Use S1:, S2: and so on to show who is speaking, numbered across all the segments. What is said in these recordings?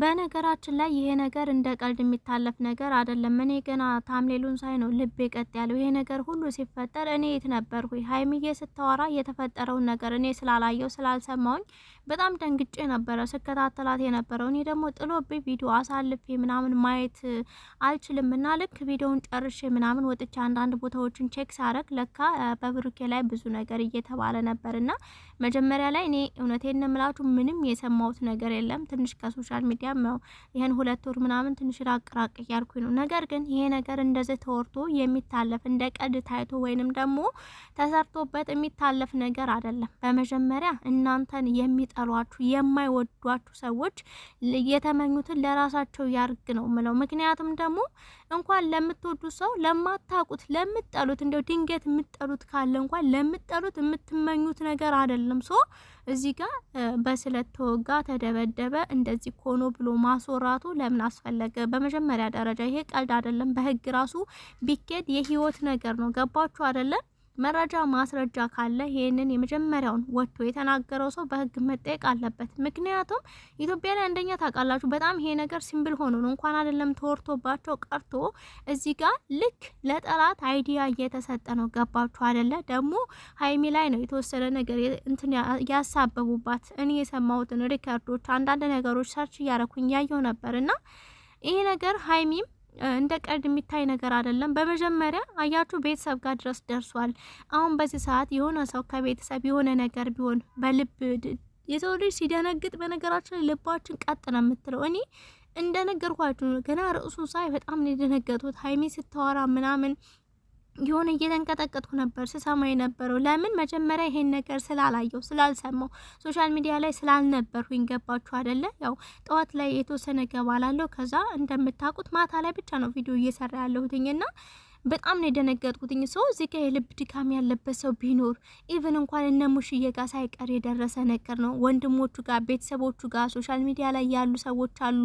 S1: በነገራችን ላይ ይሄ ነገር እንደ ቀልድ የሚታለፍ ነገር አይደለም። እኔ ገና ታምሌሉን ሳይ ነው ልቤ ቀጥ ያለው። ይሄ ነገር ሁሉ ሲፈጠር እኔ የት ነበርኩኝ? ሀይሚዬ ስታወራ የተፈጠረውን ነገር እኔ ስላላየው ስላልሰማውኝ በጣም ደንግጬ ነበረ ስከታተላት የነበረው። እኔ ደግሞ ጥሎብኝ ቪዲዮ አሳልፌ ምናምን ማየት አልችልም እና ልክ ቪዲዮውን ጨርሼ ምናምን ወጥቼ አንዳንድ ቦታዎችን ቼክ ሳረግ ለካ በብሩኬ ላይ ብዙ ነገር እየተባለ ነበር እና መጀመሪያ ላይ እኔ እውነቴን ነው ምንም የሰማሁት ነገር የለም። ትንሽ ከሶሻል ሚዲያ ይህን ሁለት ወር ምናምን ትንሽ ራቅ ራቅ እያልኩኝ ነው። ነገር ግን ይሄ ነገር እንደዚህ ተወርቶ የሚታለፍ እንደ ቀድ ታይቶ ወይንም ደግሞ ተሰርቶበት የሚታለፍ ነገር አይደለም። በመጀመሪያ እናንተን የሚጠ የሚጠሏችሁ የማይወዷችሁ ሰዎች የተመኙትን ለራሳቸው ያርግ ነው ምለው። ምክንያቱም ደግሞ እንኳን ለምትወዱ ሰው ለማታቁት ለምጠሉት እንደው ድንገት የምጠሉት ካለ እንኳን ለምጠሉት የምትመኙት ነገር አይደለም። ሶ እዚህ ጋር በስለት ተወጋ፣ ተደበደበ፣ እንደዚህ ኮኖ ብሎ ማስወራቱ ለምን አስፈለገ? በመጀመሪያ ደረጃ ይሄ ቀልድ አይደለም። በህግ ራሱ ቢኬድ የህይወት ነገር ነው። ገባችሁ አይደለም? መረጃ ማስረጃ ካለ ይህንን የመጀመሪያውን ወጥቶ የተናገረው ሰው በህግ መጠየቅ አለበት። ምክንያቱም ኢትዮጵያ ላይ አንደኛ ታውቃላችሁ፣ በጣም ይሄ ነገር ሲምብል ሆኖ ነው እንኳን አይደለም ተወርቶባቸው ቀርቶ እዚህ ጋር ልክ ለጠላት አይዲያ እየተሰጠ ነው። ገባችሁ አይደለ? ደግሞ ሀይሚ ላይ ነው የተወሰነ ነገር እንትን ያሳበቡባት። እኔ የሰማሁትን ሪከርዶች፣ አንዳንድ ነገሮች ሰርች እያረኩኝ ያየው ነበር እና ይሄ ነገር ሀይሚም እንደ ቀልድ የሚታይ ነገር አይደለም። በመጀመሪያ አያችሁ ቤተሰብ ጋር ድረስ ደርሷል። አሁን በዚህ ሰዓት የሆነ ሰው ከቤተሰብ የሆነ ነገር ቢሆን በልብ የሰው ልጅ ሲደነግጥ፣ በነገራችን ልባችን ቀጥ ነው የምትለው እኔ እንደነገርኳችሁ ገና ርዕሱን ሳይ በጣም ነው የደነገጡት። ሀይሚ ስታወራ ምናምን የሆነ እየተንቀጠቀጥኩ ነበር ስሰማ የነበረው። ለምን መጀመሪያ ይሄን ነገር ስላላየው ስላልሰማው ሶሻል ሚዲያ ላይ ስላልነበርኩኝ፣ ገባችሁ አደለ? ያው ጠዋት ላይ የተወሰነ ገባ ላለው ከዛ እንደምታውቁት ማታ ላይ ብቻ ነው ቪዲዮ እየሰራ ያለሁትኝና በጣም ነው የደነገጥኩትኝ። ሰው እዚህ ጋር የልብ ድካም ያለበት ሰው ቢኖር ኢቨን እንኳን እነ ሙሽዬ ጋር ሳይቀር የደረሰ ነገር ነው። ወንድሞቹ ጋር፣ ቤተሰቦቹ ጋር፣ ሶሻል ሚዲያ ላይ ያሉ ሰዎች አሉ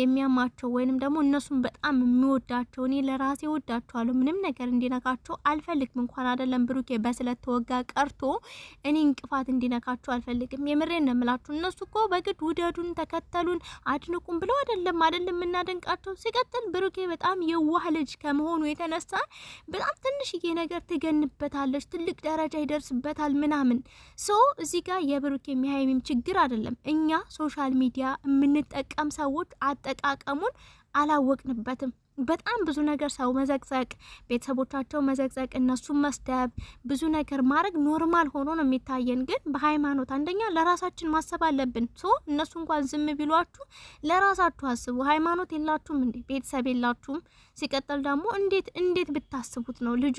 S1: የሚያማቸው ወይንም ደግሞ እነሱን በጣም የሚወዳቸው እኔ ለራሴ ወዳቸዋለሁ፣ ምንም ነገር እንዲነካቸው አልፈልግም። እንኳን አይደለም ብሩኬ በስለት ተወጋ ቀርቶ እኔ እንቅፋት እንዲነካቸው አልፈልግም። የምሬን ነው የምላችሁ። እነሱ እኮ በግድ ውደዱን፣ ተከተሉን፣ አድንቁም ብለው አይደለም አይደለም የምናደንቃቸው። ሲቀጥል ብሩኬ በጣም የዋህ ልጅ ከመሆኑ የተነሳ በጣም ትንሽዬ ነገር ትገንበታለች፣ ትልቅ ደረጃ ይደርስበታል ምናምን። ሶ እዚህ ጋር የብሩክ የሚያይሚም ችግር አይደለም። እኛ ሶሻል ሚዲያ የምንጠቀም ሰዎች አጠቃቀሙን አላወቅንበትም። በጣም ብዙ ነገር ሰው መዘቅዘቅ፣ ቤተሰቦቻቸው መዘቅዘቅ፣ እነሱን መስደብ፣ ብዙ ነገር ማድረግ ኖርማል ሆኖ ነው የሚታየን። ግን በሃይማኖት አንደኛ ለራሳችን ማሰብ አለብን። ሶ እነሱ እንኳን ዝም ቢሏችሁ ለራሳችሁ አስቡ። ሃይማኖት የላችሁም እንዴ? ቤተሰብ የላችሁም? ሲቀጥል ደግሞ እንዴት እንዴት ብታስቡት ነው ልጁ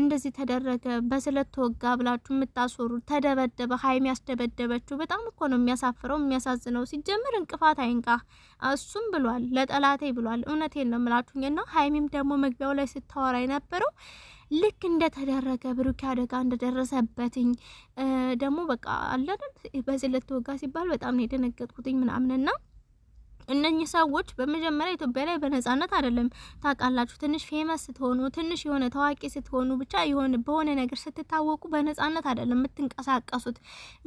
S1: እንደዚህ ተደረገ በስለት ተወጋ ብላችሁ የምታስወሩ? ተደበደበ፣ ሀይሚ ያስደበደበችው በጣም እኮ ነው የሚያሳፍረው የሚያሳዝነው። ሲጀምር እንቅፋት አይንቃ እሱም ብሏል፣ ለጠላቴ ብሏል። እውነቴን ነው የምላችሁኝና ሀይሚም ደግሞ መግቢያው ላይ ስታወራ የነበረው ልክ እንደተደረገ ብሩኪ አደጋ እንደደረሰበትኝ ደግሞ በቃ አለ በዚህ ተወጋ ሲባል በጣም ነው የደነገጥኩትኝ ምናምንና እነኚህ ሰዎች በመጀመሪያ ኢትዮጵያ ላይ በነጻነት አይደለም ታውቃላችሁ። ትንሽ ፌመስ ስትሆኑ፣ ትንሽ የሆነ ታዋቂ ስትሆኑ፣ ብቻ የሆነ በሆነ ነገር ስትታወቁ በነጻነት አይደለም የምትንቀሳቀሱት።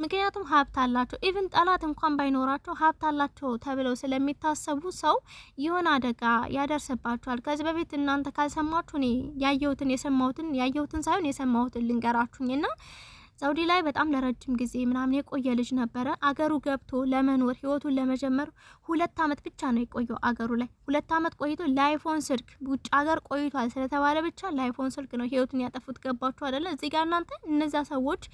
S1: ምክንያቱም ሀብት አላቸው። ኢቭን ጠላት እንኳን ባይኖራቸው ሀብት አላቸው ተብለው ስለሚታሰቡ ሰው የሆነ አደጋ ያደርስባቸዋል። ከዚህ በፊት እናንተ ካልሰማችሁ እኔ ያየሁትን የሰማሁትን ያየሁትን ሳይሆን የሰማሁትን ልንገራችሁኝ እና ሳውዲ ላይ በጣም ለረጅም ጊዜ ምናምን የቆየ ልጅ ነበረ። አገሩ ገብቶ ለመኖር ህይወቱን ለመጀመር ሁለት አመት ብቻ ነው የቆየው አገሩ ላይ። ሁለት አመት ቆይቶ ላይፎን ስልክ ውጭ ሀገር ቆይቷል ስለተባለ ብቻ ላይፎን ስልክ ነው ህይወቱን ያጠፉት። ገባችሁ አይደለ? እዚህ ጋር እናንተ እነዚያ ሰዎች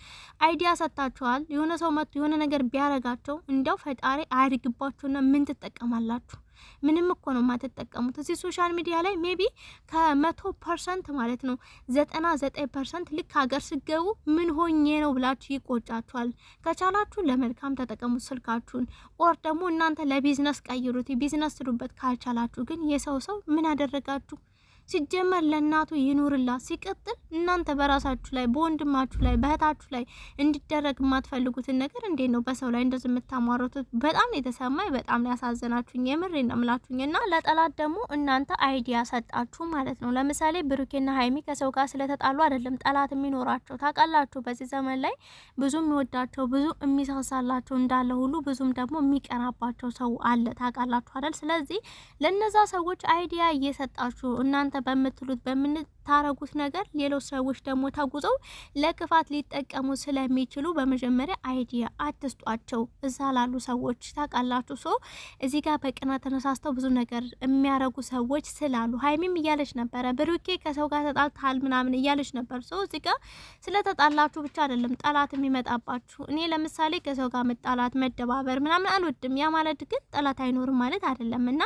S1: አይዲያ ሰጥታችኋል። የሆነ ሰው መጥቶ የሆነ ነገር ቢያረጋቸው እንዲያው ፈጣሪ አያድግባችሁና ምን ትጠቀማላችሁ? ምንም እኮ ነው የማትጠቀሙት እዚህ ሶሻል ሚዲያ ላይ ሜቢ ከመቶ ፐርሰንት ማለት ነው ዘጠና ዘጠኝ ፐርሰንት ልክ ሀገር ስገቡ ምን ሆኜ ነው ብላችሁ ይቆጫችኋል። ከቻላችሁ ለመልካም ተጠቀሙት ስልካችሁን፣ ኦር ደግሞ እናንተ ለቢዝነስ ቀይሩት። ቢዝነስ ስሩበት። ካልቻላችሁ ግን የሰው ሰው ምን አደረጋችሁ? ሲጀመር ለእናቱ ይኑርላት። ሲቀጥል እናንተ በራሳችሁ ላይ በወንድማችሁ ላይ በእህታችሁ ላይ እንዲደረግ የማትፈልጉትን ነገር እንዴት ነው በሰው ላይ እንደዚህ የምታሟረቱት? በጣም የተሰማኝ በጣም ያሳዘናችሁኝ የምሬ ነው እና ለጠላት ደግሞ እናንተ አይዲያ ሰጣችሁ ማለት ነው። ለምሳሌ ብሩኬና ሀይሚ ከሰው ጋር ስለተጣሉ አይደለም ጠላት የሚኖራቸው ታውቃላችሁ። በዚህ ዘመን ላይ ብዙ የሚወዳቸው ብዙ የሚሳሳላቸው እንዳለ ሁሉ ብዙም ደግሞ የሚቀናባቸው ሰው አለ ታውቃላችሁ አይደል? ስለዚህ ለእነዛ ሰዎች አይዲያ እየሰጣችሁ እናንተ እናንተ በምትሉት በምንታረጉት ነገር ሌሎች ሰዎች ደግሞ ተጉዘው ለክፋት ሊጠቀሙ ስለሚችሉ በመጀመሪያ አይዲያ አትስጧቸው። እዛ ላሉ ሰዎች ታውቃላችሁ። ሶ እዚህ ጋር በቅና ተነሳስተው ብዙ ነገር የሚያረጉ ሰዎች ስላሉ ሀይሚም እያለች ነበረ፣ ብሩኬ ከሰው ጋር ተጣልተሃል ምናምን እያለች ነበር። ሰው እዚህ ጋር ስለተጣላችሁ ብቻ አይደለም ጠላት የሚመጣባችሁ። እኔ ለምሳሌ ከሰው ጋር መጣላት፣ መደባበር ምናምን አልወድም። ያ ማለት ግን ጠላት አይኖርም ማለት አይደለም እና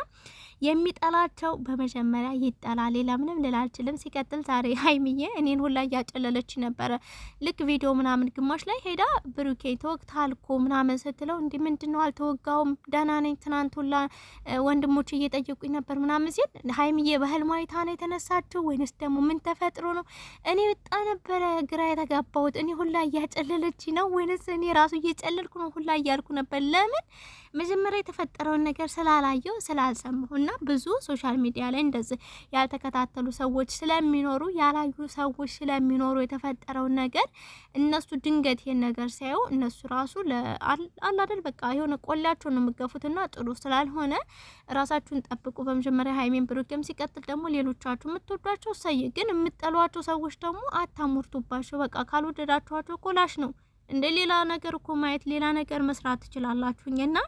S1: የሚጠላቸው በመጀመሪያ ይጠላ። ሌላ ምንም ልል አልችልም። ሲቀጥል ዛሬ ሀይሚዬ እኔን ሁላ እያጨለለች ነበረ። ልክ ቪዲዮ ምናምን ግማሽ ላይ ሄዳ ብሩኬ ተወግታ አልኮ ምናምን ስትለው እንዲህ ምንድን ነው አልተወጋውም፣ ደህና ነኝ፣ ትናንት ሁላ ወንድሞች እየጠየቁኝ ነበር ምናምን ሲል ሀይሚዬ በህልሟ አይታ ነው የተነሳችው ወይንስ ደግሞ ምን ተፈጥሮ ነው? እኔ በጣም ነበረ ግራ የተጋባሁት። እኔ ሁላ እያጨለለች ነው ወይንስ እኔ ራሱ እየጨለልኩ ነው ሁላ እያልኩ ነበር ለምን መጀመሪያ የተፈጠረውን ነገር ስላላየው ስላልሰማሁ እና ብዙ ሶሻል ሚዲያ ላይ እንደዚህ ያልተከታተሉ ሰዎች ስለሚኖሩ ያላዩ ሰዎች ስለሚኖሩ የተፈጠረውን ነገር እነሱ ድንገት ይሄን ነገር ሲያዩ እነሱ ራሱ አላደል በቃ የሆነ ቆላቸው ነው የምገፉት የምገፉትና ጥሩ ስላልሆነ ራሳችሁን ጠብቁ። በመጀመሪያ ሀይሜን ብሩኬም፣ ሲቀጥል ደግሞ ሌሎቻችሁ የምትወዷቸው ሰይ ግን የምጠሏቸው ሰዎች ደግሞ አታሙርቱባቸው። በቃ ካልወደዳችኋቸው ቆላሽ ነው እንደ ሌላ ነገር እኮ ማየት ሌላ ነገር መስራት ትችላላችሁኝ እና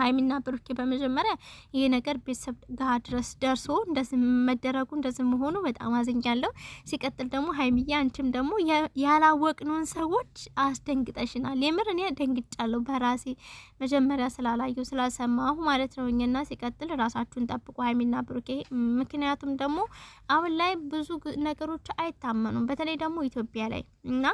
S1: ሀይሚና ብሩኬ በመጀመሪያ ይሄ ነገር ቤተሰብ ጋር ድረስ ደርሶ እንደዚህ መደረጉ እንደዚህ መሆኑ በጣም አዝኛለሁ። ሲቀጥል ደግሞ ሀይሚዬ አንቺም ደግሞ ያላወቅነውን ሰዎች አስደንግጠሽናል። የምር እኔ ደንግጫለሁ በራሴ መጀመሪያ ስላላየሁ ስላሰማሁ ማለት ነው። እኛና ሲቀጥል ራሳችሁን ጠብቁ ሀይሚና ብሩኬ። ምክንያቱም ደግሞ አሁን ላይ ብዙ ነገሮች አይታመኑም፣ በተለይ ደግሞ ኢትዮጵያ ላይ እና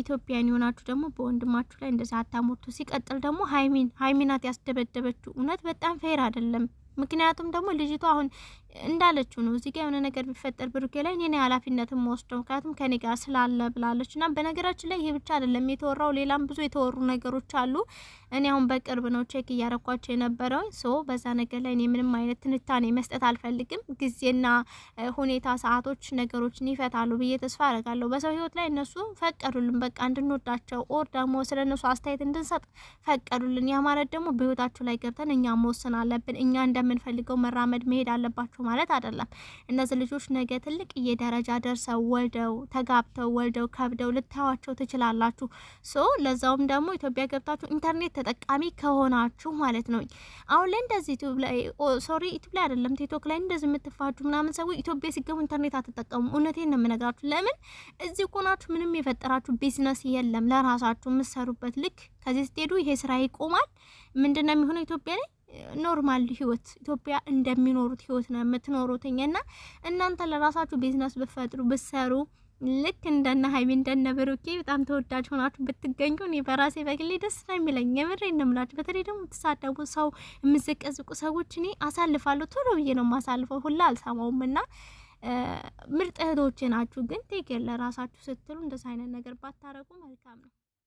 S1: ኢትዮጵያን የሆናችሁ ደግሞ በወንድማችሁ ላይ እንደዚ አታሞርቱ። ሲቀጥል ደግሞ ሀይሚን ሀይሚናት ያስደበደበችው። እውነት በጣም ፌር አይደለም። ምክንያቱም ደግሞ ልጅቷ አሁን እንዳለችው ነው። እዚህ ጋር የሆነ ነገር ቢፈጠር ብሩኬ ላይ እኔ ኃላፊነትም ወስደው ምክንያቱም ከኔ ጋር ስላለ ብላለች። እና በነገራችን ላይ ይሄ ብቻ አይደለም የተወራው፣ ሌላም ብዙ የተወሩ ነገሮች አሉ። እኔ አሁን በቅርብ ነው ቼክ እያረኳቸው የነበረው ሶ በዛ ነገር ላይ እኔ ምንም አይነት ትንታኔ መስጠት አልፈልግም። ጊዜና ሁኔታ፣ ሰዓቶች ነገሮችን ይፈታሉ ብዬ ተስፋ አረጋለሁ። በሰው ህይወት ላይ እነሱ ፈቀዱልን፣ በቃ እንድንወዳቸው ኦር ደግሞ ስለ እነሱ አስተያየት እንድንሰጥ ፈቀዱልን። ያ ማለት ደግሞ በህይወታቸው ላይ ገብተን እኛ መወሰን አለብን። እኛ እንደምንፈልገው መራመድ መሄድ አለባቸው ናችሁ ማለት አይደለም። እነዚህ ልጆች ነገ ትልቅ እየደረጃ ደርሰው ወልደው ተጋብተው ወልደው ከብደው ልታዋቸው ትችላላችሁ። ሶ ለዛውም ደግሞ ኢትዮጵያ ገብታችሁ ኢንተርኔት ተጠቃሚ ከሆናችሁ ማለት ነው። አሁን ላይ እንደዚህ ላይ ሶሪ ዩቱብ ላይ አይደለም ቲክቶክ ላይ እንደዚህ የምትፋጁ ምናምን ሰው ኢትዮጵያ ሲገቡ ኢንተርኔት አትጠቀሙ። እውነቴን ነው የምነግራችሁ። ለምን እዚህ ቆናችሁ ምንም የፈጠራችሁ ቢዝነስ የለም ለራሳችሁ የምትሰሩበት ልክ ከዚህ ስትሄዱ ይሄ ስራ ይቆማል። ምንድነው የሚሆነው ኢትዮጵያ ላይ ኖርማል ህይወት ኢትዮጵያ እንደሚኖሩት ህይወት ነው የምትኖሩትኝ እና እናንተ ለራሳችሁ ቢዝነስ ብፈጥሩ ብሰሩ ልክ እንደነ ሀይሚ እንደነ ብሩኬ በጣም ተወዳጅ ሆናችሁ ብትገኙ እኔ በራሴ በግሌ ደስ ነው የሚለኝ። የምሬ እንምላችሁ። በተለይ ደግሞ የምትሳደቡ ሰው የምዘቀዝቁ ሰዎች እኔ አሳልፋለሁ ቶሎ ብዬ ነው የማሳልፈው፣ ሁላ አልሰማውም እና ምርጥ እህቶቼ ናችሁ። ግን ቴጌር ለራሳችሁ ስትሉ እንደዚ አይነት ነገር ባታረጉ መልካም ነው።